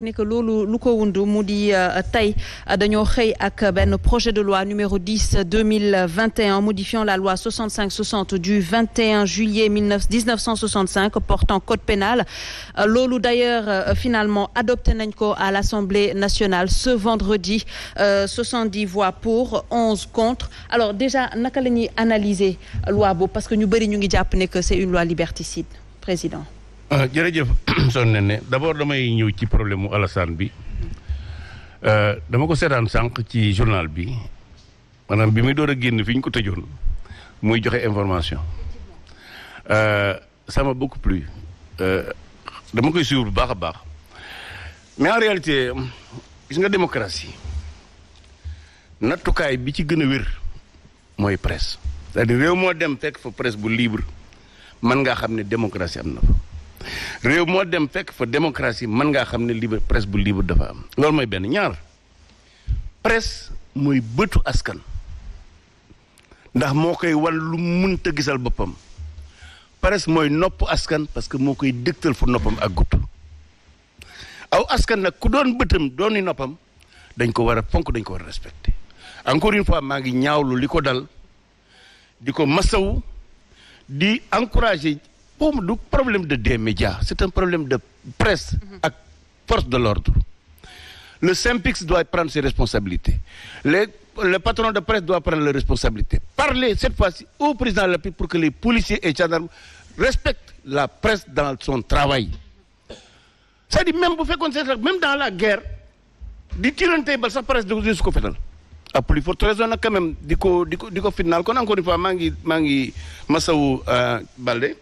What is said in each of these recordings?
ni que loolu lu ko wund mu di euh, tey dañoo xëy ak benn projet de loi numéro 10 2021 modifiant la loi 65 60 du 21 juillet 1965 portant code pénal euh, loolu d'ailleurs euh, finalement adopté nañ ko à l'Assemblée nationale ce vendredi 70 voix pour 11 contre alors déjà naka la ñuy analyser loi boobu parce que ñu bëri ñu ngi jàpp ne que c'est une loi liberticide président Euh, jërëjëf soxna ne d'abord damay ñëw ci problème mu Alassane bi euh, dama ko seetaan sànq ci journal bi maanaam bi muy door a génn fi ñu ko tëjoon muy joxe information euh, ça m'a beaucoup plu dama koy suivre bu baax a baax mais gis nga démocratie nattukaay bi ci gën a wér mooy presse c'est-à-dire réew dem fekk fa presse bu libre mën ngaa xam ne démocratie am na fa réew moo dem fekk fa démocratie man ngaa xam ne libre presse bu libre dafa am loolu mooy benn ñaar presse mooy bëtu askan ndax moo koy wan lu munta gisal boppam presse mooy nopp askan parce que moo koy dëgtal fu noppam ak gutt aw askan nag ku doon bëtam dooni noppam dañ ko war a fonk dañ ko war a respecté encore une fois maa ngi ñaawlu li ko dal di ko masawu di encouragé pour du problème de des médias c'est un problème de presse mhm. ak force de l'ordre le SYNPICS doit prendre ses responsabilités les le patron de presse doit prendre les responsabilités parler cette fois-ci au président de la République pour que les policiers et gendarmes respectent la presse dans son travail c'est-à-dire même bu fekkoon c'est même dans la guerre di tirante bal sax presse de su ko fetal à plus forte raison nag quand même di ko di ko di ko fitnaal kon encore une maa ngi maa ngi masawu euh, Balde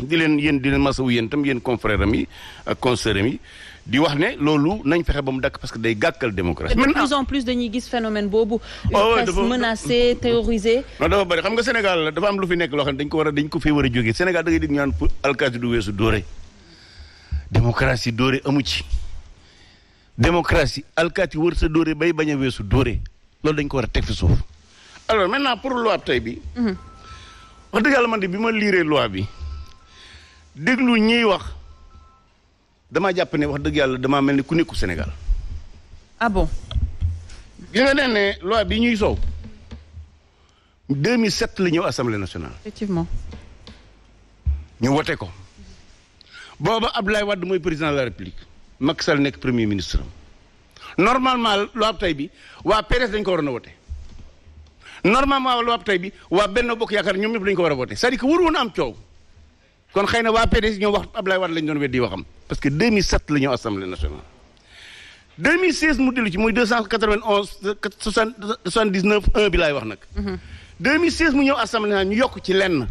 di leen yéen di leen masawu yéen itam yéen confrère am yi ak consœurs yi di wax ne loolu nañ fexe ba mu dakk parce que day gàkkal démocratie. de plus en plus dañuy gis phénomène boobu. presse menacée terrorisée. non dafa bëri xam nga Sénégal dafa am lu fi nekk loo xam ne dañ ko war a dañ ko fee war a jógee Sénégal da ngay dégg ñu naan pour alkaati du weesu dóore démocratie dóore amu ci démocratie alkaati wër sa dóore bay bañ a weesu dóore loolu dañ ko war a teg fi suuf. alors maintenant pour loi bi. Mhm. wax dëgg yàlla man bi ma liiree loi bi. déglu ñuy wax damaa jàpp ne wax dëgg yàlla damaa mel ni ku nekku Sénégal. ah bon. gi nga nee ne loi bi ñuy soow 2007 la ñëw assemblée nationale. effectivement. ñu wote ko. booba Abdoulaye Wade mooy président de la république. Macky Sall nekk premier ministre normalement loi bu tey bi waa PDS dañ ko waroon a wote normalement loi bu tey bi waa Benno Bokk Yaakaar ñoom ñëpp dañ ko war a wote c'est-à-dire que waru am coow. kon xëy na waa PDS ñoom wax Ablaye Wade lañ doon weddi waxam parce que 2007 la ñëw assemblée nationale 2016 mu dellu ci muy 291 79 1 bi laay wax nag. 2016 mu ñëw assemblée nationale ñu yokk ci lenn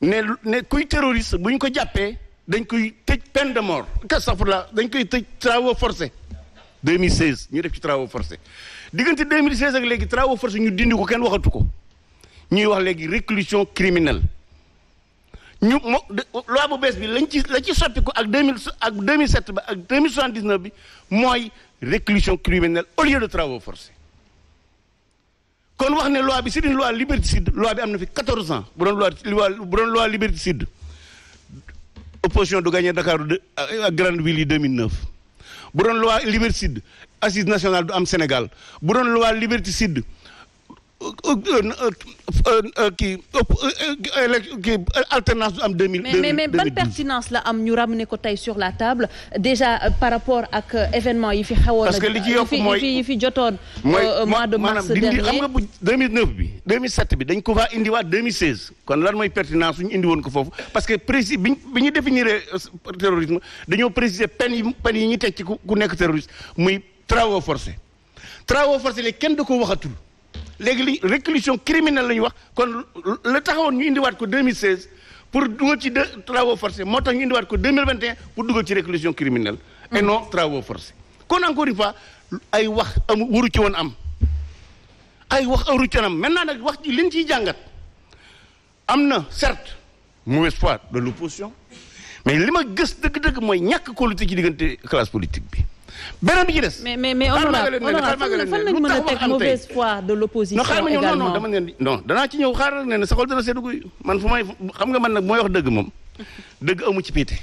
ne kuy terroriste bu ñu ko jàppee dañ koy tëj peine de mort astafurlah dañ koy tëj travaux forcés 2016 ñu def ci travaux forcés diggante 2016 ak léegi travaux forcés ñu dindi ko kenn waxatu ko ñuy wax léegi réclusion criminelle. ñu mo loi bu bees bi lañ ci la ci soppiku ak deux mille ak deux mille sept ba ak deux mille soixante dix neuf bi mooy réclusion criminelle au lieu de travaux forcés kon wax ne loi bi c'est une loi liberticide loi bi am na fi quatorze ans bu doon loi bu doon loi liberticide opposition du gagné Dakar de euh, ak grande ville yi deux mille neuf bu doon loi liberticide assise nationale du am Sénégal bu doon loi liberticide kii kii alternance du am deux mille. mais mais ban pertinence la am ñu ramener ko tey sur la table déjà euh, par rapport ak euh, événement yi fi xewoon. parce que li ci yokk mooy yi fi jotoon. Euh, mois de mars dernier xam nga bu bi dañ ko indiwaat kon lan mooy pertinence su ñu indi woon ko foofu parce que précis bi ñu bi ñu terrorisme dañoo préciser peine yi ñu teg ci ku nekk terroriste muy travaux forcés travaux forcés léegi kenn da ko waxatul. léegi li réclusion criminelle la ñu wax kon la taxawoon ñu indiwaat ko 2016 pour dugal ci de travaux moo tax ñu indiwaat ko 2021 pour dugal ci réclusion criminelle mm. et non travaux forcés kon encore une fois ay wax am waru ci woon am ay wax waru ci woon am maintenant nag wax ji liñ ciy jàngat am na certes mauvaise foi de l'opposition mais li ma gës dëkk dëkk mooy ñàkk kóolute ci diggante classe politique bi beneen bi ci des. mais mais mais honorable a teg mauvaise foi de l'opposition également non dama leen non man fu may xam nga man dëgg amu ci piite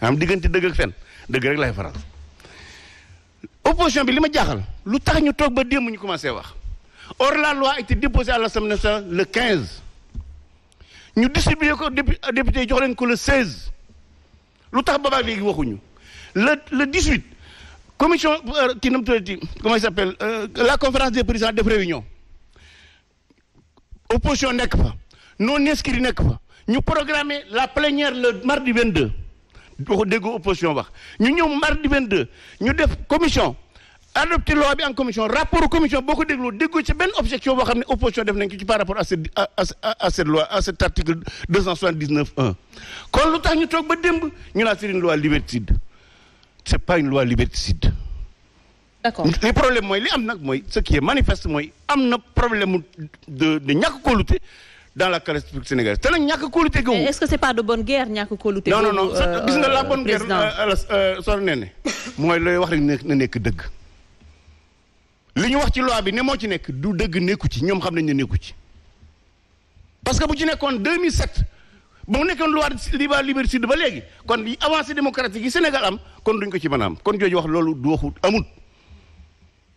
am diggante dëgg ak dëgg rek laay faral opposition bi li ma jaaxal lu tax ñu toog ba démb ñu commencé wax or la loi a été déposée à l'Assemblée nationale le quinze ñu distribué ko député jox leen ko le 16 lu tax boobaag léegi waxuñu le le 18. commission kii nu mu tuddati comment il s'appelle euh, la conférence des présidents def réunion opposition nekk fa non inscrit nekk fa ñu programmer la plénière le mardi de boo ko dégg opposition wax ñu ñëw mardi 22 ñu def commission adopté loi bi commission rapport commission boo ko dégloo déggoo ci benn objection boo xam ne opposition def nañ ko ci par rapport à cette à à loi à cet article kon lu tax ñu toog ba démb ñu naan c'est une loi liberticide c'est pas une loi liberticide. d'accord li problème mooy li am nag mooy ce qui est manifeste mooy am na problème de ñàkk kóolute dans la classe politique sénégalaise te nag ñàkk kóolute googu. est-ce que c'est pas guerre ñàkk kóolute. non non non euh, la bonne guerre euh, euh, sor nee ne mooy looy wax rek na nekk dëgg. li ñu wax ci loi bi ne moo ci nekk du dëgg nekku ci ñoom xam nañ ne nekku ci parce que bu ci nekkoon 2007. bu mu nekkoon loi liba libre ba léegi kon avancée démocratique yi Sénégal am kon duñ ko ci mën a am kon jooju wax loolu du waxut amut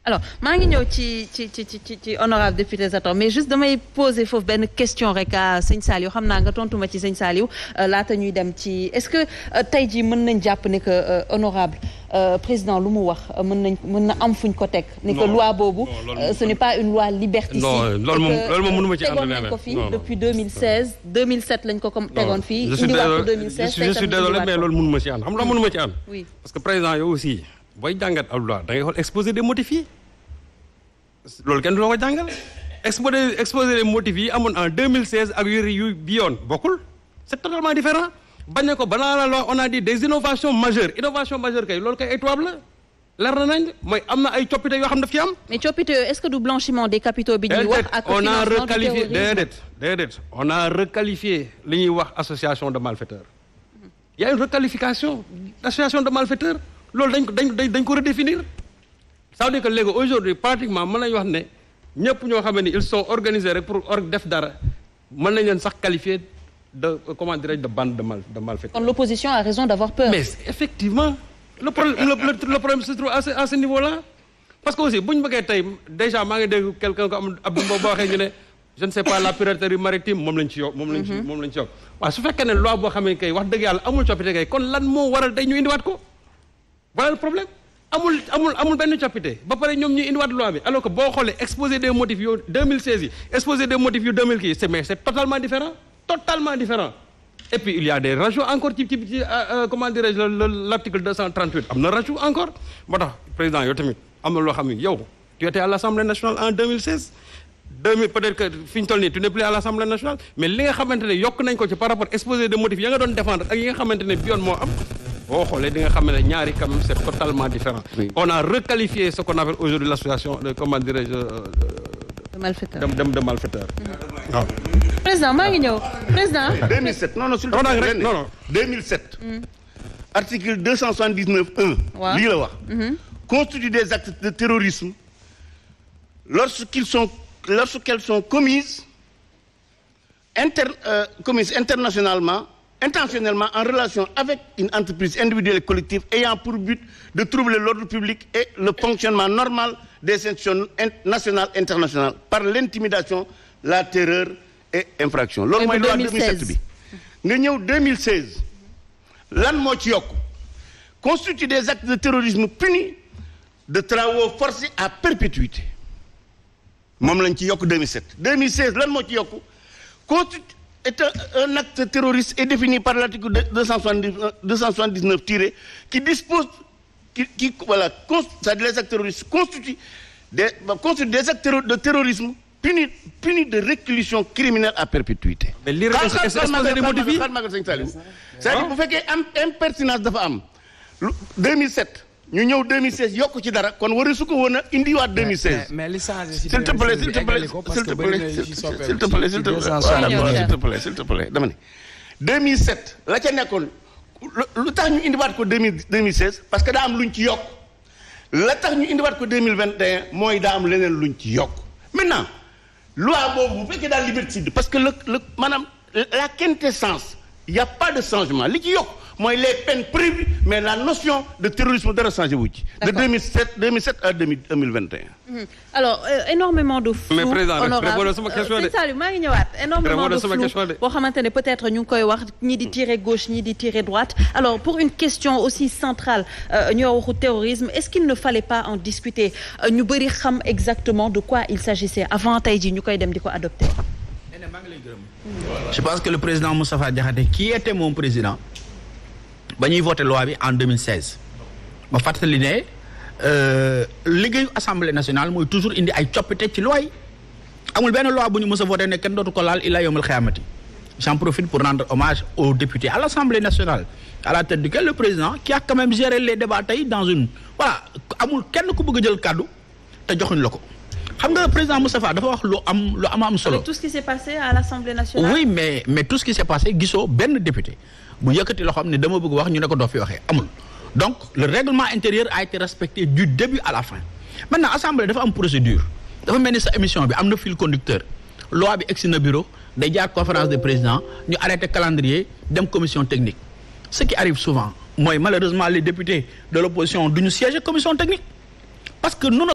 alors maa ngi ñëw ci ci ci ci ci honorable député Zator mais juste damay poser foofu benn question rek à sëñ Saliou xam naa nga tontuma ma ci sëñ Saliou euh, laata ñuy dem ci est-ce que euh, tey jii mën nañ jàpp ne que euh, honorable président lu mu wax mën nañ mën na am fuñ ko teg. ne que loi boobu. ce n'est pas une loi liberticide. non loolu moom loolu ma ci ànd tegoon nañ ko fii ma ci ànd xam nga aussi. booy jàngat Abdoulaye da ngay xool exposé des motifs yi loolu kenn du la ko jàngal exposé exposé des motifs yi amoon en 2016 ak yu yu yoon bokkul c' est totalement différent bañ ne ko balaa la loi on a dit des innovations majeures innovation majeure kay loolu kay ay tubaab la nañ mooy am na ay coppite yoo xam daf ci am. mais coppite est ce que du blanchiment des capitaux bi ñuy wax on a requalifié déedéet déedéet ñuy wax association de malfaiteurs y a une association de malfaiteurs loolu dañ ko dañ dañ ko redéfinir ça veut dire que léegi aujourd'hui pratiquement mën nañu wax ne ñëpp ñoo xam ne ils sont organisés pour or def dara mën nañ leen sax qualifier de euh, comment dirais-je de bande de mal de l'opposition a raison d'avoir peur. mais effectivement le problème le, le, le ce niveau-là parce que aussi bu bëggee tey déjà maa ngi dégg quelqu'un ko am Abdou Mbow ba waxee ñu ne je ne sais pas la piraterie maritime moom lañ ci yokk. moom lañ ci mhm. moom boo xam ne kay wax dëgg yàlla amul coppite kay kon lan moo waral tey ñu ko. voilà le problème amul amul amul benn ba pare ñoom ñuy indiwaat loi bi alors que boo xoolee exposé des motifs yu yi exposé des motifs yu 2000 c'est totalement différent totalement différent et puis il y a des rajouts encore ci ci ci euh, euh, comment dirais-je l'article encore moo tax président yow tamit am na loo xam ne yow tu étais à l'Assemblée nationale en peut-être que fi ñu toll nii tu n'es plus à l'Assemblée nationale mais li nga xamante ne yokk nañ ko ci par rapport boo xoolee di nga xam ne ñaari quand même c'est totalement différent oui. on a requalifié ce qu'on appelle de comment dirais-je euh, de malfaiteurs de, de, de malfaiteurs waaw mm. ah. ah. président maa ngi ñëw ah. président 2007 non non sul non non 2007 mm. la wax mm-hmm. constitue des actes de terrorisme lorsqu'ils sont lorsqu'elles sont commises inter euh, commises internationalement intentionnellement en relation avec une entreprise individuelle et collective ayant pour but de troubler l'ordre public et le fonctionnement normal des institutions nationales et internationales par l'intimidation, la terreur et infraction. loolu mooy loi 2007 bi nga ñëw 2016 lan moo ci yokk constitue des actes de terrorisme punis de travaux forcés à perpétuité moom lañ ci yokk 2007 2016 lan moo ci yokk est un, un, acte terroriste est défini par l'article 279 tiré qui dispose qui, qui voilà ça les actes terroristes constituent des, constituent des actes de terrorisme punis punis de réclusion criminelle à perpétuité. mais lii rek est-ce que bu fekkee am impertinence dafa am 2007. ñu ñëw 2016 yokk ci dara kon wari su ko woon indiwaat 2016. mais li changé si s'il te plaît s'il te plaît s'il te plaît s'il te plaît s'il te plaît s'il te plaît dama ne la ca nekkoon lu tax ñu indiwaat ko 2016 parce que daa am luñ ci yokk la tax ñu indiwaat ko mooy daa am leneen luñ ci yokk maintenant loi boobu bu fekkee daal liberticide parce que la le maanaam la quintessence y a pas de changement li ci yokk mooy les peines prévues de terrorisme dara changé wu ci. de 2007 2007 à 2021. Mhm. alors euh, énormément de flou. mais euh, ngi ñëwaat. énormément de flou ne peut être ñu ngi koy wax tirer gauche ñi tirer droite pour une question aussi centrale euh, ñoo waxu terrorisme est ce qu'il ne fallait pas en discuter ñu bëri xam exactement de quoi il s'agissait avant tey jii ñu koy dem di ko adopté. je pense que le président Moustapha Diakhaté qui était mon président. ba ñuy voté loi bi en 2016 ma fàttali ne euh, liggéeyu assemblée nationale mooy toujours indi ay coppite ci loi yi amul benn loi bu ñu mës a voté ne kenn dootu ko laal ila yomul xiyamati j'en profite pour rendre hommage aux députés à l'Assemblée nationale à la tête duquel le président qui a quand même géré les débats tey dans une voilà amul kenn ku bëgg jël kàddu te joxuñ la ko xam nga président Moustapha dafa wax lu am lu am am solo. avec tout ce qui s'est passé à l'Assemblée nationale. oui mais mais tout gisoo benn député. bu yëkkati loxoom ne dama bëgg wax ñu ne ko doo fi waxee amul donc le règlement intérieur a été respecté du début à la fin maintenant assemblée dafa am procédure dafa mel ni sa émission bi am na fil conducteur loi bi egsi na bureau day jaar conférence des présidents ñu arrêté calendrier dem commission technique ce qui arrive souvent mooy malheureusement les députés de l'opposition du ñu siéger commission technique parce que